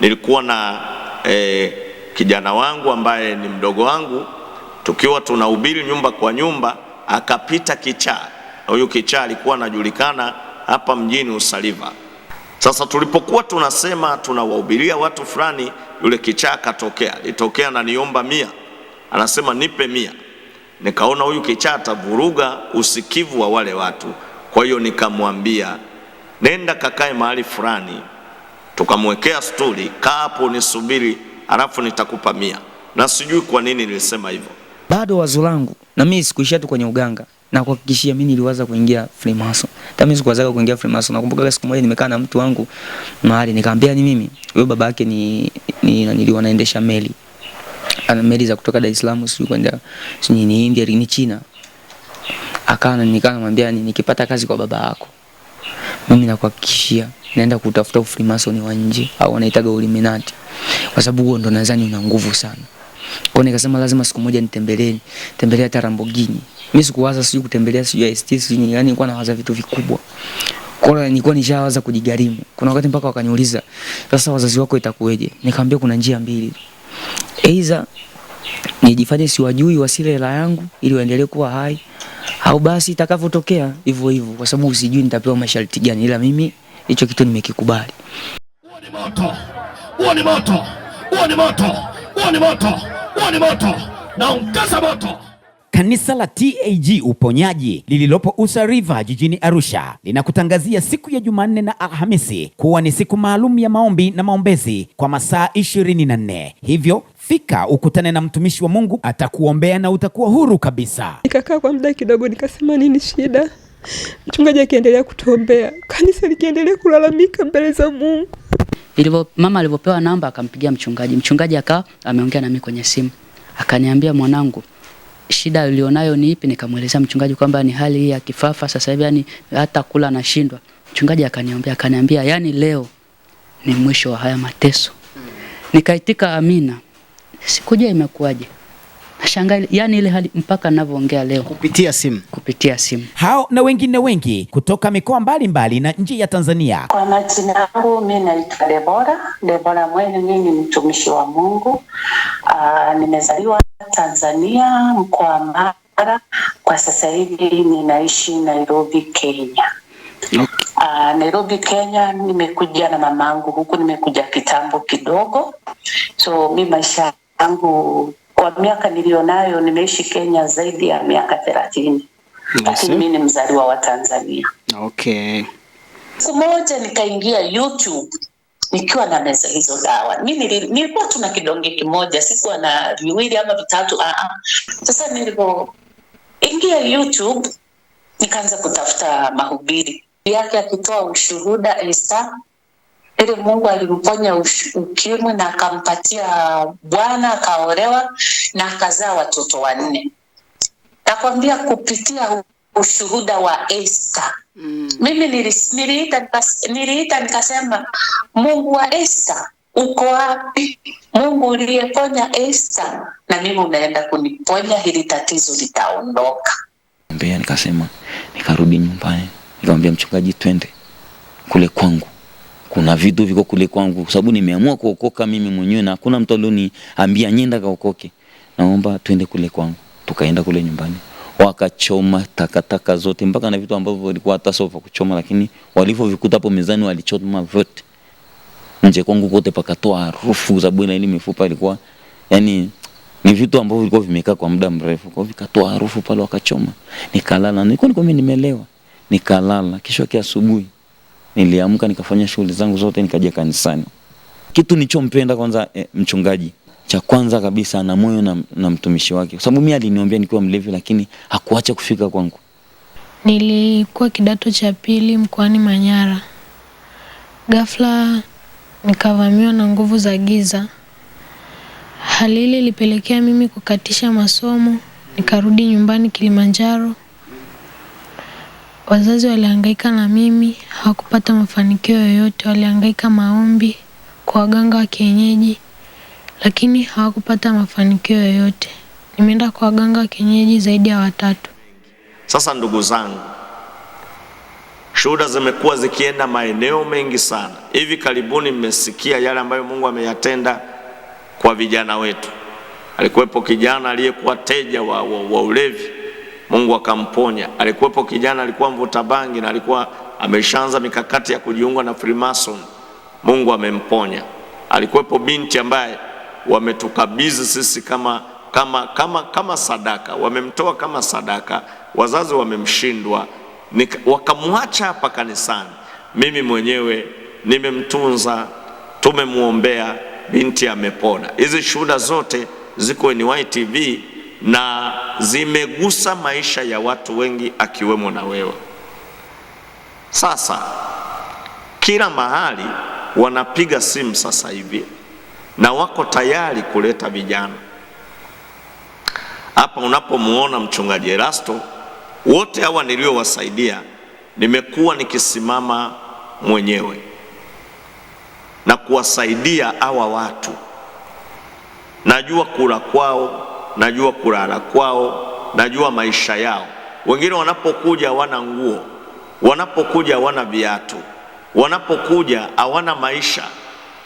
Nilikuwa na eh, kijana wangu ambaye ni mdogo wangu, tukiwa tunahubiri nyumba kwa nyumba, akapita kichaa. Huyu kichaa alikuwa anajulikana hapa mjini Usaliva. Sasa tulipokuwa tunasema tunawahubiria watu fulani, yule kichaa akatokea, litokea na niomba mia, anasema nipe mia. Nikaona huyu kichaa atavuruga usikivu wa wale watu, kwa hiyo nikamwambia nenda kakae mahali fulani tukamwekea stuli, kaa hapo nisubiri, halafu nitakupa mia. Na sijui kwa nini nilisema hivyo, bado wazo langu na mimi sikuishia tu kwenye uganga na kuhakikishia mimi niliwaza kuingia Freemason. Hata mimi sikuwazaga kuingia Freemason. Nakumbuka siku moja nimekaa na mtu wangu mahali nikamwambia ni mimi. Huyo baba yake ni ni nilikuwa naendesha meli. Ana meli za kutoka Dar es Salaam sio kwenda sio ni India ni China. Akaana ni, nikipata kazi kwa baba yako. Mimi nakuhakikishia naenda kutafuta ufrimasoni wa nje au wanaitaga uliminati, kwa sababu huo ndo nadhani una nguvu sana. Kwa nikasema lazima siku moja nitembeleeni, tembelea hata Lamborghini. Mimi sikuwaza sijui kutembelea sijui ST sijui, yani nilikuwa nawaza vitu vikubwa. Kwa hiyo nilikuwa nishawaza kujigarimu. Kuna wakati mpaka wakaniuliza, sasa wazazi wako itakuweje? Nikamwambia kuna njia mbili. Aidha nijifanye siwajui, wasile hela yangu ili waendelee kuwa hai, au basi itakavyotokea hivyo hivyo, kwa sababu usijui nitapewa masharti gani, ila mimi hicho kitu nimekikubali. Huo ni moto, huo ni moto, huo ni moto, huo ni moto, huo ni moto, na ungasa moto. Kanisa la TAG Uponyaji lililopo Usa River jijini Arusha linakutangazia siku ya Jumanne na Alhamisi kuwa ni siku maalum ya maombi na maombezi kwa masaa 24. Hivyo fika ukutane na mtumishi wa Mungu, atakuombea na utakuwa huru kabisa. Nikakaa kwa muda kidogo, nikasema nini shida Mchungaji akiendelea kutuombea, kanisa likiendelea kulalamika mbele za Mungu. Ilivyo mama alivyopewa namba akampigia mchungaji. Mchungaji akawa ameongea nami kwenye simu. Akaniambia, mwanangu, shida ulionayo ni ipi? Nikamwelezea mchungaji kwamba ni hali hii ya kifafa sasa hivi, yani hata kula nashindwa. Mchungaji akaniombea, akaniambia yani leo ni mwisho wa haya mateso. Nikaitika amina. Sikujua imekuwaje. Nashangaa yani ile hali mpaka ninavyoongea leo kupitia simu, kupitia simu. Hao na wengine wengi kutoka mikoa mbalimbali na nje ya Tanzania. Kwa majina yangu mimi naitwa Debora, Debora Mwene, mimi ni mtumishi wa Mungu. Aa, ah, nimezaliwa Tanzania mkoa wa Mara, kwa sasa hivi ninaishi Nairobi, Kenya. Okay. Uh, Nairobi Kenya nimekuja na mamangu, huku nimekuja kitambo kidogo, so mi maisha yangu kwa miaka niliyonayo nimeishi Kenya zaidi ya miaka thelathini, lakini mi ni mzaliwa wa Tanzania. Okay. Siku moja nikaingia YouTube nikiwa na meza hizo dawa. Mimi nilikuwa tu na kidonge kimoja, sikuwa na viwili ama vitatu. Ah, ah. Sasa nilipoingia YouTube nikaanza kutafuta mahubiri yake akitoa ushuhuda Esther ili Mungu alimponya ukimwi na akampatia Bwana, akaolewa na akazaa watoto wanne. Nakwambia kupitia ushuhuda wa Esther. Mm. Mimi niliita niliita nikasema, Mungu wa Esther uko wapi? Mungu uliyeponya Esther, na mimi unaenda kuniponya, hili tatizo litaondoka. Mbea nikasema, nikarudi nyumbani, nikamwambia mchungaji, twende kule kwangu kuna vitu viko kule kwangu, kwa sababu nimeamua kuokoka mimi mwenyewe na hakuna mtu alioniambia nyenda kaokoke, naomba twende kule kwangu. Tukaenda kule nyumbani, wakachoma takataka zote mpaka na vitu ambavyo walikuwa hata sio vya kuchoma, lakini walivyovikuta hapo mezani walichoma vyote. Nje kwangu kote pakatoa harufu, za bwana, ile mifupa ilikuwa yani ni vitu ambavyo vilikuwa vimekaa kwa muda mrefu, kwa vikatoa harufu pale, wakachoma. Nikalala, nilikuwa nimelewa, nikalala. Kesho yake asubuhi niliamka nikafanya shughuli zangu zote nikaja kanisani. Kitu nilichompenda kwanza eh, mchungaji cha kwanza kabisa ana moyo na, na mtumishi wake, kwa sababu mimi aliniombea nikiwa mlevi, lakini hakuacha kufika kwangu. Nilikuwa kidato cha pili mkoani Manyara, ghafla nikavamiwa na nguvu za giza. Hali ile ilipelekea mimi kukatisha masomo, nikarudi nyumbani Kilimanjaro Wazazi walihangaika na mimi, hawakupata mafanikio yoyote. Walihangaika maombi kwa waganga wa kienyeji, lakini hawakupata mafanikio yoyote. Nimeenda kwa waganga wa kienyeji zaidi ya watatu. Sasa ndugu zangu, shuhuda zimekuwa zikienda maeneo mengi sana. Hivi karibuni mmesikia yale ambayo Mungu ameyatenda kwa vijana wetu. Alikuwepo kijana aliyekuwa teja wa, wa, wa ulevi Mungu akamponya. Alikuwepo kijana alikuwa mvuta bangi na alikuwa ameshaanza mikakati ya kujiunga na Freemason. Mungu amemponya. Alikuwepo binti ambaye wametukabidhi sisi kama, kama, kama, kama sadaka, wamemtoa kama sadaka, wazazi wamemshindwa, wakamwacha hapa kanisani. Mimi mwenyewe nimemtunza, tumemwombea, binti amepona. Hizi shuhuda zote ziko NY TV na zimegusa maisha ya watu wengi akiwemo na wewe. Sasa kila mahali wanapiga simu sasa hivi na wako tayari kuleta vijana hapa. Unapomuona mchungaji Erasto, wote hawa niliowasaidia nimekuwa nikisimama mwenyewe na kuwasaidia hawa watu, najua kula kwao najua kulala kwao, najua maisha yao. Wengine wanapokuja hawana nguo, wanapokuja hawana viatu, wanapokuja hawana maisha,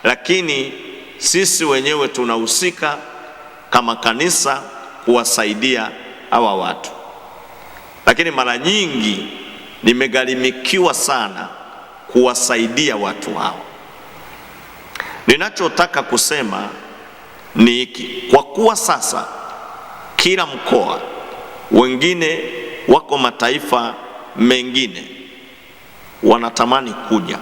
lakini sisi wenyewe tunahusika kama kanisa kuwasaidia hawa watu. Lakini mara nyingi nimegharimikiwa sana kuwasaidia watu hawa. Ninachotaka kusema ni hiki, kwa kuwa sasa kila mkoa, wengine wako mataifa mengine wanatamani kuja,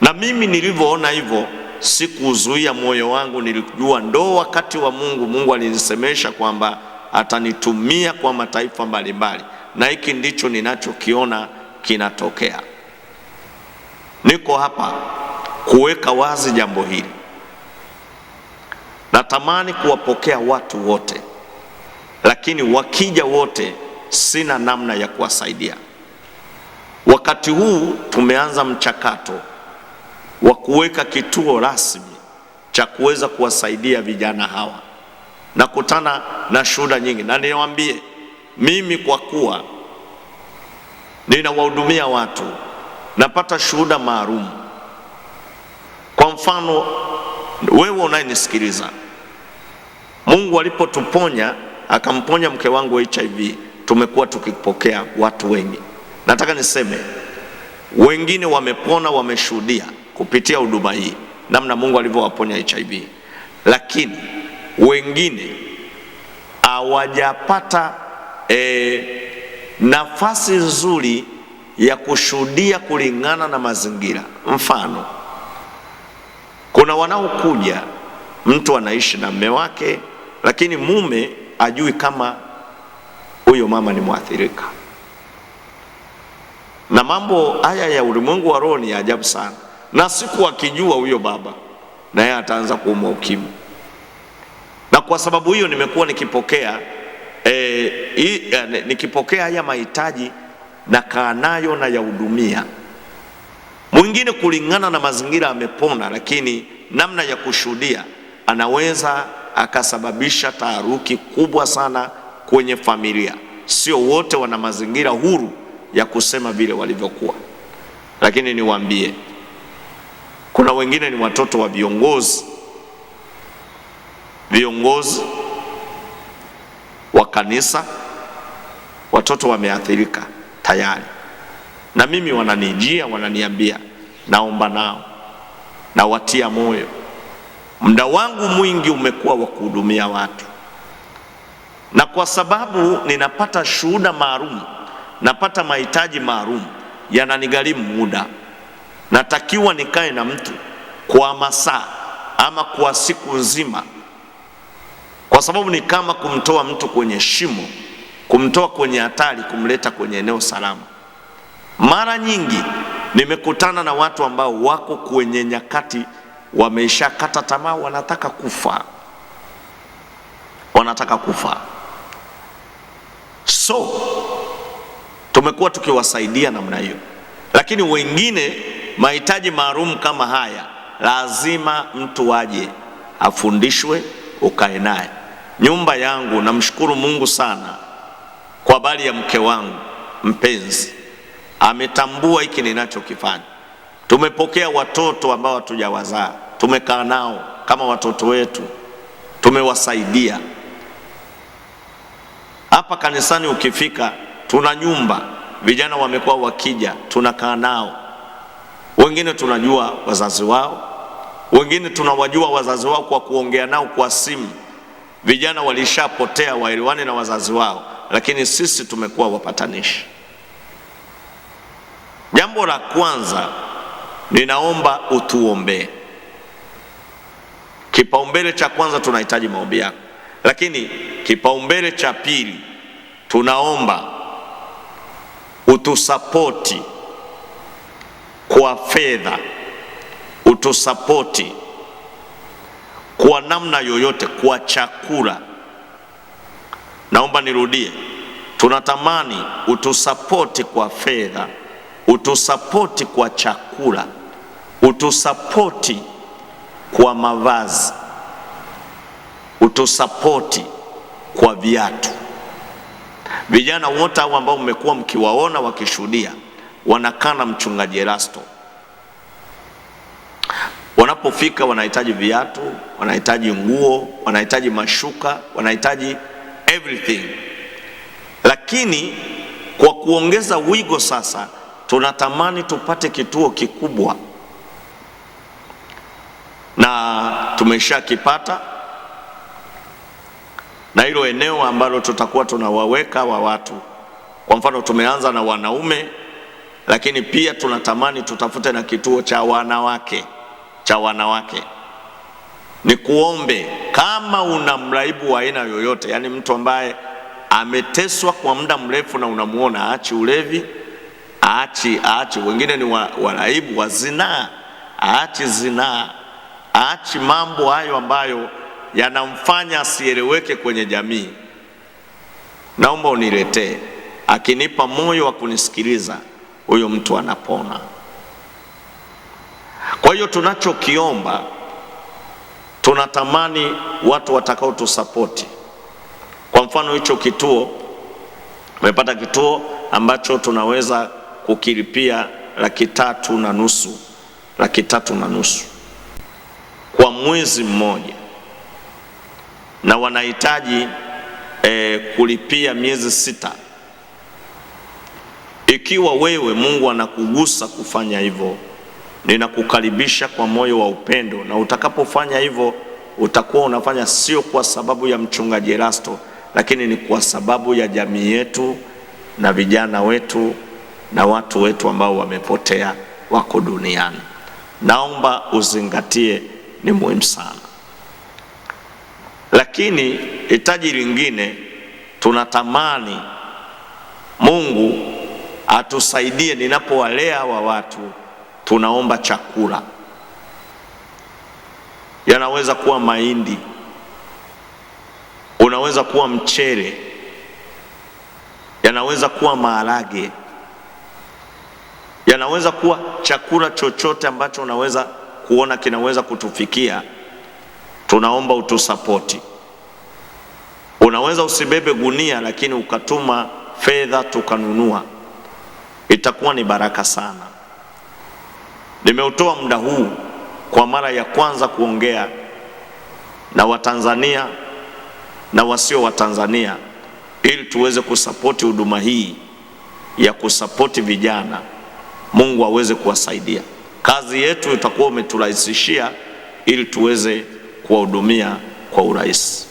na mimi nilivyoona hivyo sikuzuia moyo wangu, nilijua ndo wakati wa Mungu. Mungu alinisemesha kwamba atanitumia kwa mataifa mbalimbali, na hiki ndicho ninachokiona kinatokea. Niko hapa kuweka wazi jambo hili, natamani kuwapokea watu wote lakini wakija wote sina namna ya kuwasaidia. Wakati huu tumeanza mchakato wa kuweka kituo rasmi cha kuweza kuwasaidia vijana hawa. Nakutana na shuhuda nyingi, na niwaambie mimi, kwa kuwa ninawahudumia watu, napata shuhuda maalum. Kwa mfano, wewe unayenisikiliza, Mungu alipotuponya akamponya mke wangu HIV. Tumekuwa tukipokea watu wengi. Nataka niseme wengine wamepona, wameshuhudia kupitia huduma hii namna Mungu alivyowaponya HIV, lakini wengine hawajapata e, nafasi nzuri ya kushuhudia kulingana na mazingira. Mfano, kuna wanaokuja mtu anaishi na mume wake, lakini mume ajui kama huyo mama ni mwathirika. Na mambo haya ya ulimwengu wa roho ni ya ajabu sana, na siku akijua huyo baba na yeye ataanza kuumwa ukimwi. Na kwa sababu hiyo nimekuwa nikipokea e, i, eh, nikipokea haya mahitaji kaa nayo na yahudumia. Mwingine kulingana na mazingira amepona, lakini namna ya kushuhudia anaweza akasababisha taharuki kubwa sana kwenye familia. Sio wote wana mazingira huru ya kusema vile walivyokuwa, lakini niwaambie, kuna wengine ni watoto wa viongozi, viongozi wa kanisa, watoto wameathirika tayari, na mimi wananijia, wananiambia, naomba nao, nawatia moyo Muda wangu mwingi umekuwa wa kuhudumia watu, na kwa sababu ninapata shuhuda maalum, napata mahitaji maalum, yananigharimu muda. Natakiwa nikae na mtu kwa masaa ama kwa siku nzima, kwa sababu ni kama kumtoa mtu kwenye shimo, kumtoa kwenye hatari, kumleta kwenye eneo salama. Mara nyingi nimekutana na watu ambao wako kwenye nyakati wameshakata tamaa, wanataka kufa, wanataka kufa. So tumekuwa tukiwasaidia namna hiyo, lakini wengine mahitaji maalum kama haya, lazima mtu aje afundishwe, ukae naye. Nyumba yangu, namshukuru Mungu sana kwa habari ya mke wangu mpenzi, ametambua hiki ninachokifanya. Tumepokea watoto ambao hatujawazaa, tumekaa nao kama watoto wetu, tumewasaidia. Hapa kanisani ukifika, tuna nyumba, vijana wamekuwa wakija, tunakaa nao. Wengine tunajua wazazi wao, wengine tunawajua wazazi wao kwa kuongea nao kwa simu. Vijana walishapotea waelewane na wazazi wao, lakini sisi tumekuwa wapatanishi. Jambo la kwanza Ninaomba utuombee. Kipaumbele cha kwanza tunahitaji maombi yako, lakini kipaumbele cha pili tunaomba utusapoti kwa fedha, utusapoti kwa namna yoyote, kwa chakula. Naomba nirudie, tunatamani utusapoti kwa fedha, utusapoti kwa chakula utusapoti kwa mavazi, utusapoti kwa viatu. Vijana wote hao ambao mmekuwa mkiwaona wakishuhudia wanakaa na mchungaji Erasto, wanapofika wanahitaji viatu, wanahitaji nguo, wanahitaji mashuka, wanahitaji everything, lakini kwa kuongeza wigo sasa tunatamani tupate kituo kikubwa tumeshakipata na hilo eneo ambalo tutakuwa tunawaweka wa watu. Kwa mfano tumeanza na wanaume, lakini pia tunatamani tutafute na kituo cha wanawake cha wanawake. Ni kuombe kama una mraibu wa aina yoyote, yaani mtu ambaye ameteswa kwa muda mrefu na unamuona aachi ulevi, aachi aachi, wengine ni waraibu wa, wa zinaa, aachi zinaa aachi mambo hayo ambayo yanamfanya asieleweke kwenye jamii. Naomba uniletee. Akinipa moyo wa kunisikiliza, huyo mtu anapona. Kwa hiyo tunachokiomba, tunatamani watu watakaotusapoti. Kwa mfano, hicho kituo tumepata kituo ambacho tunaweza kukilipia laki tatu na nusu, laki tatu na nusu kwa mwezi mmoja, na wanahitaji e, kulipia miezi sita. Ikiwa wewe Mungu anakugusa kufanya hivyo, ninakukaribisha kwa moyo wa upendo, na utakapofanya hivyo utakuwa unafanya sio kwa sababu ya mchungaji Erasto, lakini ni kwa sababu ya jamii yetu na vijana wetu na watu wetu ambao wamepotea wako duniani. Naomba uzingatie ni muhimu sana. Lakini hitaji lingine tunatamani Mungu atusaidie, ninapowalea hawa watu, tunaomba chakula, yanaweza kuwa mahindi, unaweza kuwa mchele, yanaweza kuwa maharage, yanaweza kuwa chakula chochote ambacho unaweza kuona kinaweza kutufikia, tunaomba utusapoti. Unaweza usibebe gunia, lakini ukatuma fedha tukanunua, itakuwa ni baraka sana. Nimeutoa muda huu kwa mara ya kwanza kuongea na Watanzania na wasio Watanzania ili tuweze kusapoti huduma hii ya kusapoti vijana. Mungu aweze kuwasaidia. Kazi yetu itakuwa umeturahisishia ili tuweze kuwahudumia kwa urahisi,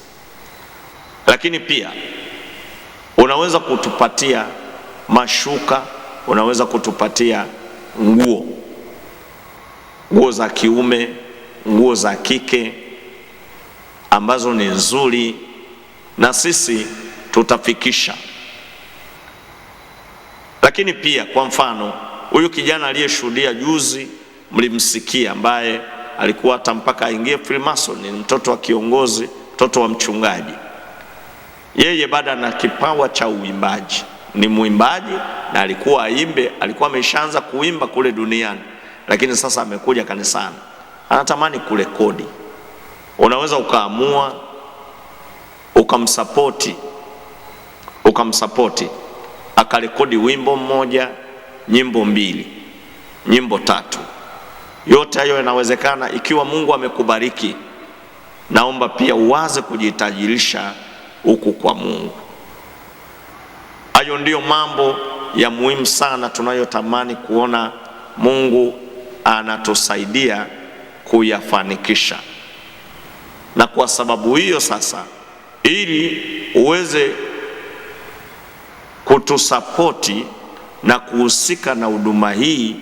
lakini pia unaweza kutupatia mashuka, unaweza kutupatia nguo, nguo za kiume, nguo za kike ambazo ni nzuri, na sisi tutafikisha. Lakini pia kwa mfano, huyu kijana aliyeshuhudia juzi mlimsikia, ambaye alikuwa hata mpaka aingie Freemason, ni mtoto wa kiongozi, mtoto wa mchungaji. Yeye bado ana kipawa cha uimbaji, ni mwimbaji na alikuwa aimbe, alikuwa ameshaanza kuimba kule duniani, lakini sasa amekuja kanisani, anatamani kurekodi. Unaweza ukaamua ukamsapoti, ukamsapoti akarekodi wimbo mmoja, nyimbo mbili, nyimbo tatu. Yote hayo yanawezekana ikiwa Mungu amekubariki. Naomba pia uwaze kujitajirisha huku kwa Mungu. Hayo ndiyo mambo ya muhimu sana tunayotamani kuona Mungu anatusaidia kuyafanikisha. Na kwa sababu hiyo sasa, ili uweze kutusapoti na kuhusika na huduma hii,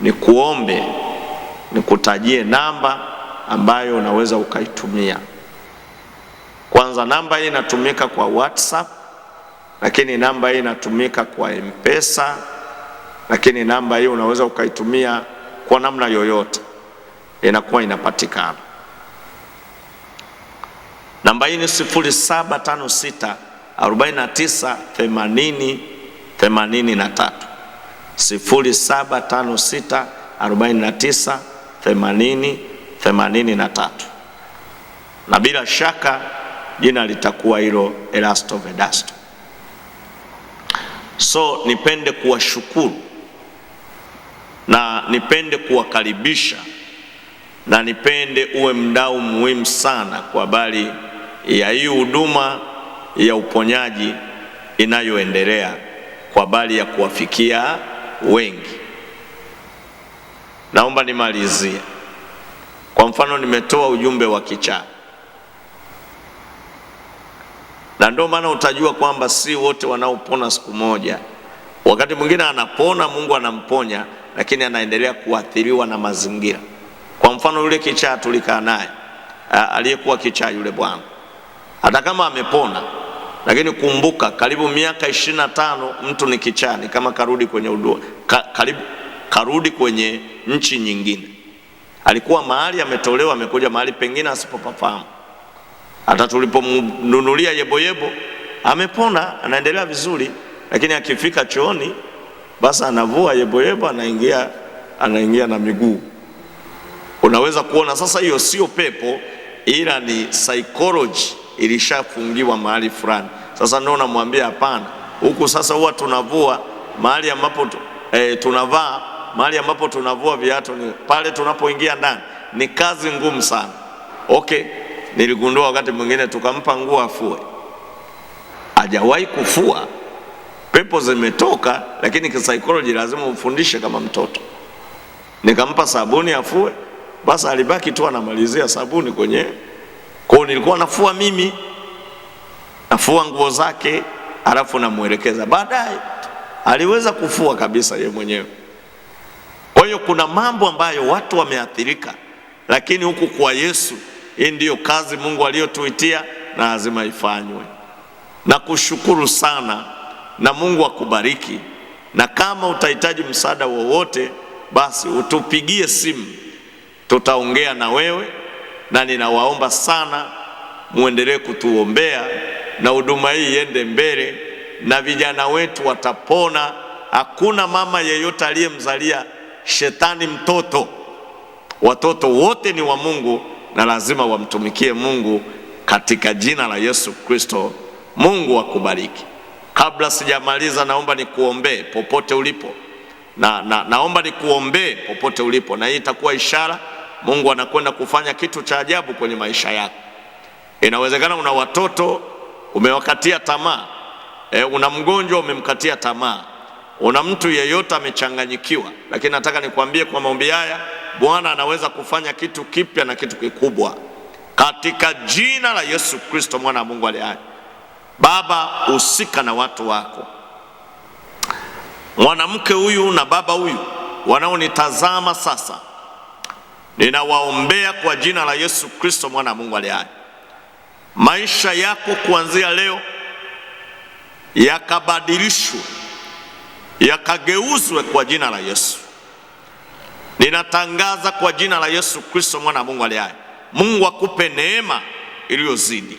ni kuombe nikutajie namba ambayo unaweza ukaitumia. Kwanza, namba hii inatumika kwa WhatsApp, lakini namba hii inatumika kwa M-Pesa, lakini namba hii unaweza ukaitumia kwa namna yoyote, inakuwa inapatikana. Namba hii ni 0756 49 80 83, 0756 49 themanini themanini na tatu na bila shaka jina litakuwa hilo Erasto Vedasto. So nipende kuwashukuru na nipende kuwakaribisha na nipende uwe mdau muhimu sana kwa habari ya hii huduma ya uponyaji inayoendelea kwa habari ya kuwafikia wengi. Naomba nimalizie. Kwa mfano, nimetoa ujumbe wa kichaa, na ndio maana utajua kwamba si wote wanaopona siku moja. Wakati mwingine anapona, Mungu anamponya, lakini anaendelea kuathiriwa na mazingira. Kwa mfano, yule kichaa tulikaa naye, aliyekuwa kichaa yule bwana, hata kama amepona, lakini kumbuka, karibu miaka ishirini na tano mtu ni kichaa, ni kama karudi kwenye udua ka, karibu karudi kwenye nchi nyingine. Alikuwa mahali ametolewa, amekuja mahali pengine asipopafahamu. Hata tulipomnunulia yeboyebo, amepona anaendelea vizuri, lakini akifika chooni basi anavua yeboyebo, anaingia anaingia na miguu. Unaweza kuona sasa, hiyo sio pepo, ila ni psychology ilishafungiwa mahali fulani. Sasa ndio namwambia hapana, huku sasa huwa tunavua mahali ambapo eh, tunavaa mahali ambapo tunavua viatu ni pale tunapoingia ndani, ni kazi ngumu sana. Okay, niligundua wakati mwingine tukampa nguo afue, hajawahi kufua, pepo zimetoka, lakini kisaikoloji lazima umfundishe kama mtoto. Nikampa sabuni afue, basi alibaki tu anamalizia sabuni kwenye kwao. Nilikuwa nafua mimi, nafua nguo zake, halafu namwelekeza. Baadaye aliweza kufua kabisa yeye mwenyewe. Kwa hiyo kuna mambo ambayo watu wameathirika, lakini huku kwa Yesu, hii ndiyo kazi Mungu aliyotuitia na lazima ifanywe. Na kushukuru sana na Mungu akubariki, na kama utahitaji msaada wowote, basi utupigie simu, tutaongea na wewe, na ninawaomba sana muendelee kutuombea na huduma hii iende mbele, na vijana wetu watapona. Hakuna mama yeyote aliyemzalia shetani mtoto. Watoto wote ni wa Mungu na lazima wamtumikie Mungu katika jina la Yesu Kristo. Mungu akubariki. Kabla sijamaliza, naomba nikuombee popote ulipo na, na, naomba nikuombee popote ulipo, na hii itakuwa ishara Mungu anakwenda kufanya kitu cha ajabu kwenye maisha yako. Inawezekana una watoto umewakatia tamaa, e, una mgonjwa umemkatia tamaa Una mtu yeyote amechanganyikiwa, lakini nataka nikwambie kwa maombi haya Bwana anaweza kufanya kitu kipya na kitu kikubwa katika jina la Yesu Kristo mwana wa Mungu aliye hai. Baba, husika na watu wako. Mwanamke huyu na baba huyu wanaonitazama sasa, ninawaombea kwa jina la Yesu Kristo mwana wa Mungu aliye hai, maisha yako kuanzia leo yakabadilishwe yakageuzwe kwa jina la Yesu. Ninatangaza kwa jina la Yesu Kristo mwana wa Mungu aliye hai, Mungu akupe neema iliyozidi.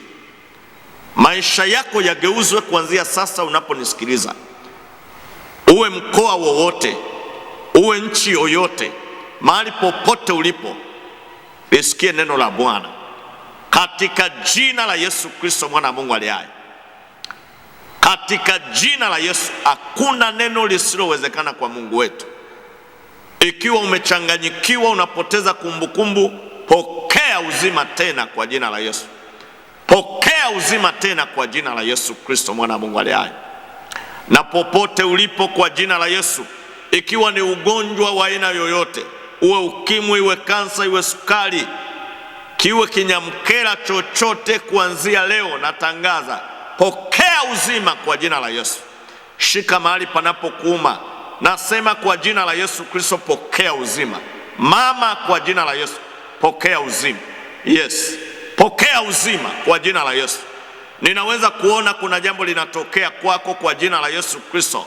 Maisha yako yageuzwe kuanzia sasa. Unaponisikiliza, uwe mkoa wowote, uwe nchi yoyote, mahali popote ulipo, lisikie neno la Bwana katika jina la Yesu Kristo mwana wa Mungu aliye hai. Katika jina la Yesu, hakuna neno lisilowezekana kwa Mungu wetu. Ikiwa umechanganyikiwa, unapoteza kumbukumbu, pokea uzima tena kwa jina la Yesu. Pokea uzima tena kwa jina la Yesu Kristo, mwana wa Mungu aliye hai. Na popote ulipo, kwa jina la Yesu, ikiwa ni ugonjwa wa aina yoyote, uwe ukimwi, iwe kansa, iwe sukari, kiwe kinyamkera chochote, kuanzia leo natangaza pokea uzima kwa jina la Yesu. Shika mahali panapokuuma, nasema kwa jina la Yesu Kristo, pokea uzima. Mama, kwa jina la Yesu pokea uzima. Yes, pokea uzima kwa jina la Yesu. Ninaweza kuona kuna jambo linatokea kwako kwa jina la Yesu Kristo.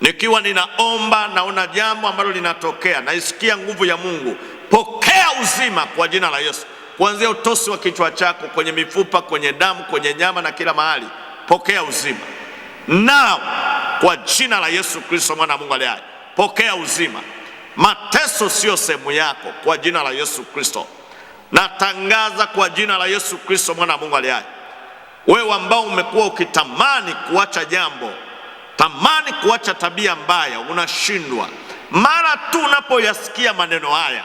Nikiwa ninaomba naona jambo ambalo linatokea, naisikia nguvu ya Mungu. Pokea uzima kwa jina la Yesu, kuanzia utosi wa kichwa chako, kwenye mifupa, kwenye damu, kwenye nyama na kila mahali pokea uzima. Nao kwa jina la Yesu Kristo mwana wa Mungu aliye hai, pokea uzima. Mateso siyo sehemu yako kwa jina la Yesu Kristo. Natangaza kwa jina la Yesu Kristo mwana wa Mungu aliye hai, wewe ambao umekuwa ukitamani kuacha jambo, tamani kuacha tabia mbaya, unashindwa mara tu unapoyasikia maneno haya,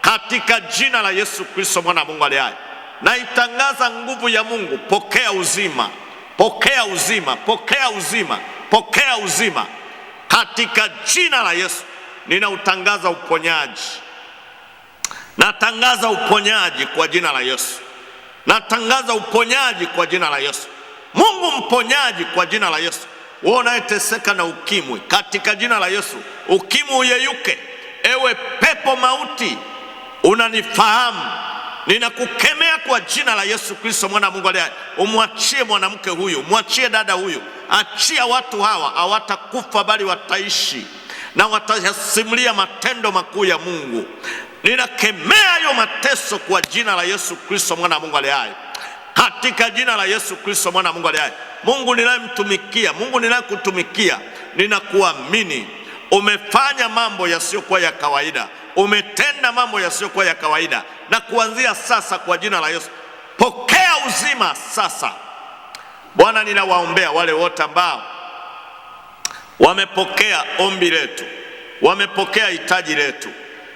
katika jina la Yesu Kristo mwana wa Mungu aliye hai, naitangaza nguvu ya Mungu, pokea uzima. Pokea uzima, pokea uzima, pokea uzima katika jina la Yesu. Ninautangaza uponyaji, natangaza uponyaji kwa jina la Yesu, natangaza uponyaji kwa jina la Yesu. Mungu mponyaji kwa jina la Yesu. Wewe unayeteseka na ukimwi, katika jina la Yesu ukimwi uyeyuke. Ewe pepo mauti, unanifahamu, ninakukemea kwa jina la Yesu Kristo mwana wa Mungu aliye umwachie mwanamke huyu, mwachie dada huyu, achia watu hawa, hawatakufa bali wataishi na watayasimulia matendo makuu ya Mungu. Ninakemea hayo mateso kwa jina la Yesu Kristo mwana wa Mungu aliye hai, katika jina la Yesu Kristo mwana wa Mungu aliye hai. Mungu ninayemtumikia, Mungu ninayekutumikia, ninakuamini umefanya mambo yasiyokuwa ya kawaida, umetenda mambo yasiyokuwa ya kawaida, na kuanzia sasa kwa jina la Yesu pokea uzima sasa. Bwana, ninawaombea wale wote ambao wamepokea ombi letu, wamepokea hitaji letu,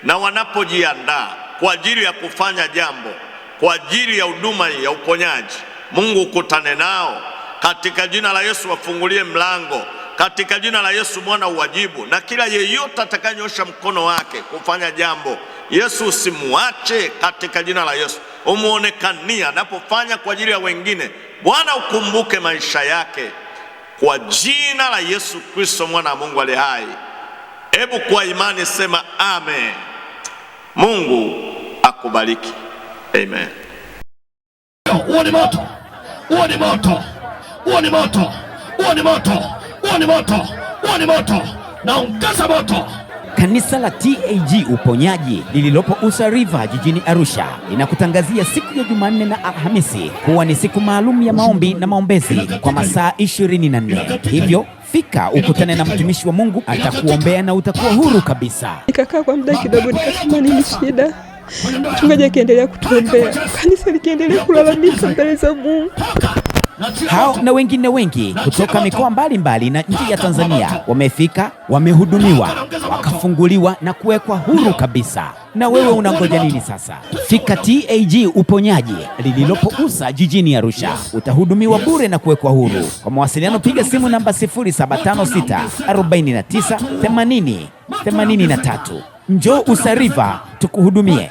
na wanapojiandaa kwa ajili ya kufanya jambo kwa ajili ya huduma ya uponyaji, Mungu ukutane nao katika jina la Yesu, wafungulie mlango katika jina la Yesu mwana uwajibu, na kila yeyote atakayenyosha mkono wake kufanya jambo, Yesu usimuache katika jina la Yesu, umuonekania anapofanya kwa ajili ya wengine. Bwana ukumbuke maisha yake kwa jina la Yesu Kristo mwana wa Mungu aliye hai. Hebu kwa imani sema amen. Mungu akubariki. Amen. Huo ni moto, huo ni moto, huo ni moto, huo ni moto huo ni moto, huo ni moto, naongeza moto. Kanisa la TAG Uponyaji lililopo Usa River jijini Arusha linakutangazia siku ya Jumanne na Alhamisi kuwa ni siku maalum ya maombi na maombezi kwa masaa 24. Hivyo fika ukutane na mtumishi wa Mungu, atakuombea na utakuwa huru kabisa. Nikakaa kwa muda kidogo, nikasema nini shida Mchungaji akiendelea kutuombea, kanisa likiendelea kulalamika mbele za Mungu hao na wengine wengi kutoka mikoa mbalimbali na nchi ya Tanzania wamefika, wamehudumiwa, wakafunguliwa na kuwekwa huru kabisa. Na wewe unangoja nini sasa? Fika TAG Uponyaji lililopo Usa jijini Arusha, utahudumiwa bure na kuwekwa huru. Kwa mawasiliano, piga simu namba 0756498083. Njoo usariva tukuhudumie.